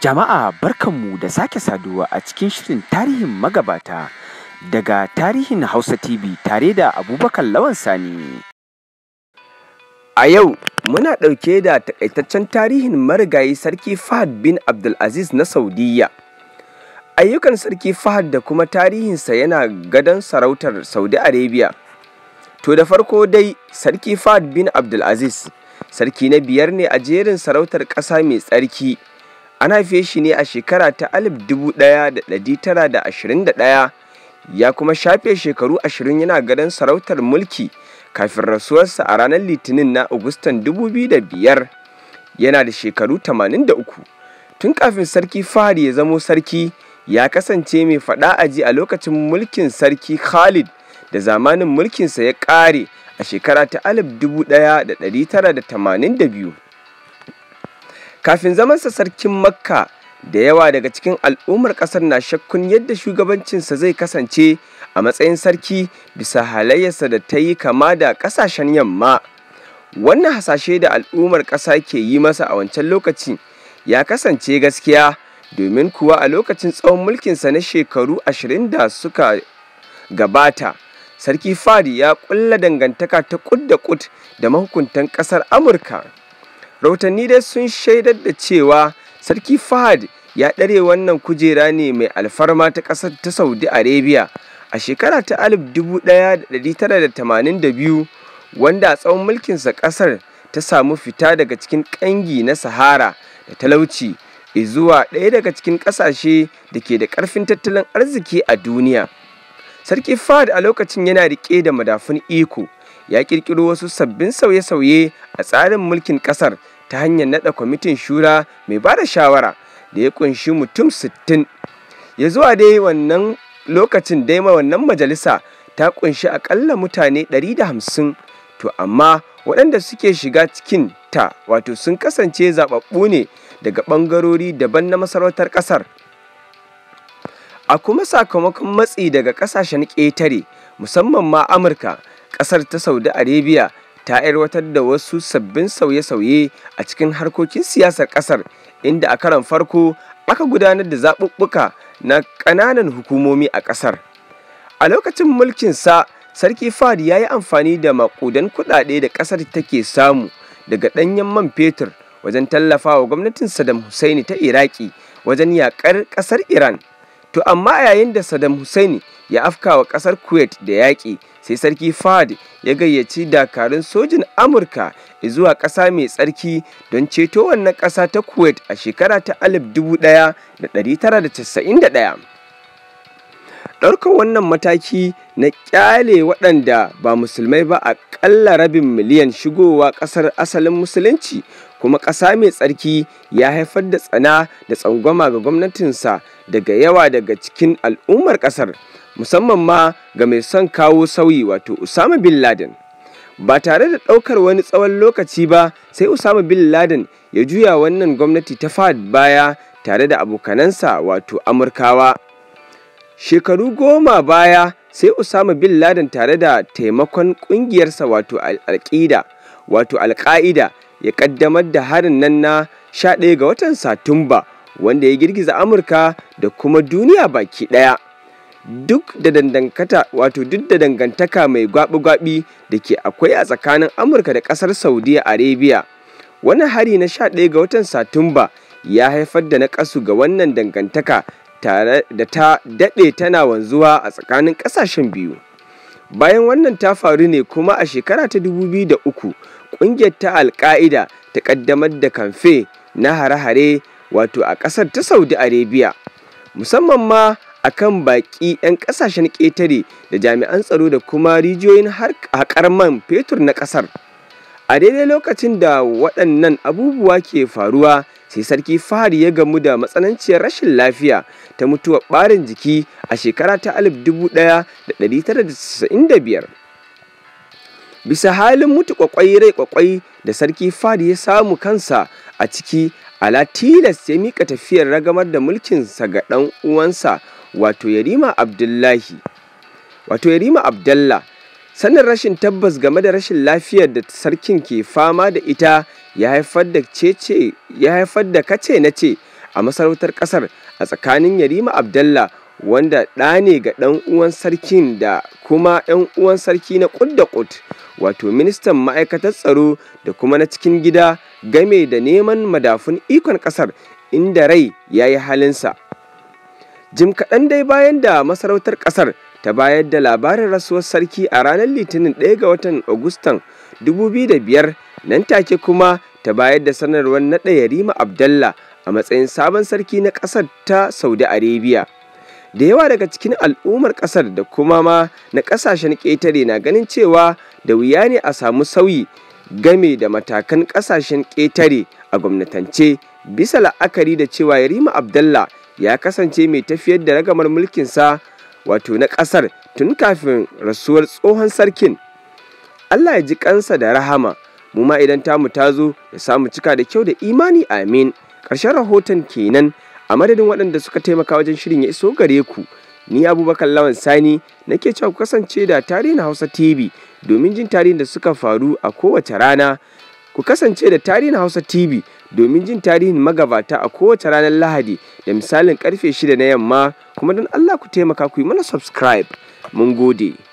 Jama'a barkanmu da sake saduwa a cikin shirin tarihin magabata daga tarihin Hausa TV tare da Abubakar Lawan Sani. A yau muna ɗauke da takaitaccen tarihin marigayi Sarki Fahad bin Abdulaziz na Saudiyya. Ayyukan Sarki Fahad da kuma tarihinsa yana gadon sarautar Saudi Arabia. To da farko dai Sarki Fahad bin Abdulaziz, sarki na biyar ne a jerin sarautar ƙasa mai tsarki. Ana haife shi ne a shekara ta 1921 ya kuma shafe shekaru 20 yana gadon sarautar mulki kafin rasuwarsa a ranar litinin na agustan 2005 yana da shekaru 83 tun kafin sarki fahari ya zamo sarki ya kasance mai faɗa aji a lokacin mulkin sarki khalid da zamanin mulkinsa ya ƙare a shekara ta 1982 kafin zamansa sarkin makka da yawa daga cikin al'ummar ƙasar na shakkun yadda shugabancinsa zai kasance a matsayin sarki bisa halayyarsa da ta yi kama da ƙasashen yamma wannan hasashe da al'ummar ƙasa ke yi masa a wancan lokacin ya kasance gaskiya domin kuwa a lokacin tsawon mulkinsa na shekaru ashirin da suka gabata sarki fadi ya ƙulla dangantaka ta kud da kud da mahukuntan ƙasar amurka rahotanni dai sun shaidar da cewa sarki fahad ya ɗare wannan kujera ne mai alfarma ta ƙasar ta saudi arabia a shekara ta 1982 wanda a tsawon mulkinsa ƙasar ta samu fita daga cikin ƙangi na sahara da talauci zuwa ɗaya daga cikin ƙasashe da ke da ƙarfin tattalin arziki a duniya sarki fahad a lokacin yana riƙe da madafun iko ya ƙirƙiro wasu sabbin sauye-sauye a tsarin mulkin ƙasar ta hanyar naɗa kwamitin shura mai ba da shawara da ya kunshi mutum 60 ya zuwa dai wannan lokacin dai ma wannan majalisa ta kunshi akalla mutane 150 to amma waɗanda suke shiga cikin ta wato sun kasance zaɓaɓɓu ne daga ɓangarori daban na masarautar ƙasar a kuma sakamakon matsi daga ƙasashen ƙetare musamman ma amurka ƙasar ta saudi arabia ta aiwatar da wasu sabbin sauye-sauye a cikin harkokin siyasar ƙasar inda a karon farko aka gudanar da zaɓuɓɓuka na ƙananan hukumomi a ƙasar. A lokacin mulkin sa, Sarki Fahad ya yi amfani da maƙudan kuɗaɗe da ƙasar take samu daga ɗanyen man fetur wajen tallafa wa gwamnatin Saddam Hussein ta Iraki wajen yaƙar ƙasar Iran. To amma yayin da Saddam Hussein ya afkawa kasar kuwait da yaƙi sai sarki fahad ya gayyaci dakarun sojin amurka zuwa ƙasa mai tsarki don ceto wannan ƙasa ta kuwait a shekara ta 1991 ɗaukar wannan mataki na ƙyale waɗanda ba musulmai ba a ƙalla rabin miliyan shigowa ƙasar asalin musulunci kuma ƙasa mai tsarki ya haifar da tsana da tsangwama ga gwamnatinsa daga yawa daga cikin al'ummar ƙasar musamman ma ga mai son kawo sauyi wato Usama bin Laden. Ba tare da ɗaukar wani tsawon lokaci ba sai Usama bin Laden ya juya wannan gwamnati ta fad baya tare da abokanansa wato Amurkawa. Shekaru goma baya sai Usama bin Laden tare da taimakon ƙungiyarsa wato alƙida wato alƙa'ida ya kaddamar da harin nan na 11 ga watan Satumba wanda ya girgiza Amurka da kuma duniya baki ɗaya. Duk da dangantaka wato duk da dangantaka mai gwabi-gwabi da ke akwai a tsakanin Amurka da ƙasar Saudiya Arabia. Wani hari na 11 ga watan Satumba ya haifar da ƙasu ga wannan dangantaka tare da ta daɗe tana wanzuwa a tsakanin ƙasashen biyu. Bayan wannan ta faru ne kuma a shekara ta 2003 ƙungiyar ta alka'ida ta ƙaddamar da kamfe na hare-hare wato a ƙasar ta saudi arabia musamman ma a kan baƙi 'yan ƙasashen ƙetare da jami'an tsaro da kuma rijiyoyin haƙar man fetur na ƙasar a daidai lokacin da waɗannan abubuwa ke faruwa sai sarki fahari ya gamu da matsananciyar rashin lafiya ta mutuwar ɓarin jiki a shekara ta 1995 bisa halin mutu kwakwai rai kwakwai da sarki fadi ya samu kansa a ciki ala tilas ya mika tafiyar ragamar da mulkinsa ga ɗan uwansa wato yarima abdullahi wato yarima abdallah sanin rashin tabbas game da rashin lafiyar da sarkin ke fama da ita ya haifar da cece ya kace na ce a masarautar kasar a tsakanin yarima abdallah wanda ɗane ga ɗan uwan sarkin da kuma ɗan uwan sarki na ƙud da ƙud wato ministan ma'aikatar tsaro da kuma na cikin gida game da neman madafun ikon kasar inda rai ya yi halinsa jim kaɗan dai bayan da masarautar ƙasar ta bayar da labarin rasuwar sarki a ranar litinin 1 ga watan agustan 2005 nan take kuma ta bayar da sanarwar naɗa yarima abdalla a matsayin sabon sarki na ƙasar ta saudi arabia da yawa daga cikin al'ummar ƙasar da kuma ma na ƙasashen ƙetare na ganin cewa da wuya ne a samu sauyi game da matakan kasashen ƙetare a gwamnatance bisa la'akari da cewa yarima abdallah ya kasance mai tafiyar da ragamar mulkinsa wato na ƙasar tun kafin rasuwar tsohon sarkin allah ya ji kansa da rahama mu ma idan tamu ta zo ya samu cika da kyau da imani amin ƙarshen rahoton kenan a madadin waɗanda suka taimaka wajen shirin ya iso gare ku ni abubakar lawan sani nake cewa ku kasance da tarihin hausa tv domin jin tarihin da suka faru a kowace rana ku kasance da tarihin hausa tv domin jin tarihin magabata a kowace ranar lahadi da misalin karfe shida na yamma kuma don allah ku taimaka ku yi mana subscribe mun gode